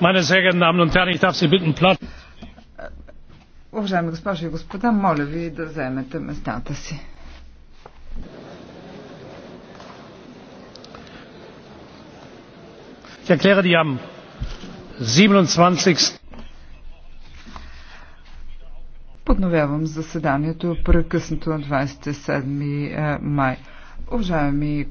Meine sehr geehrten Damen und Herren, ich darf Sie bitten, Platz. Уважаеми госпожи и господа, моля ви да вземете местата си. Я erkläre ди am 27. Подновявам заседанието прекъснато на 27 е, май. Уважаеми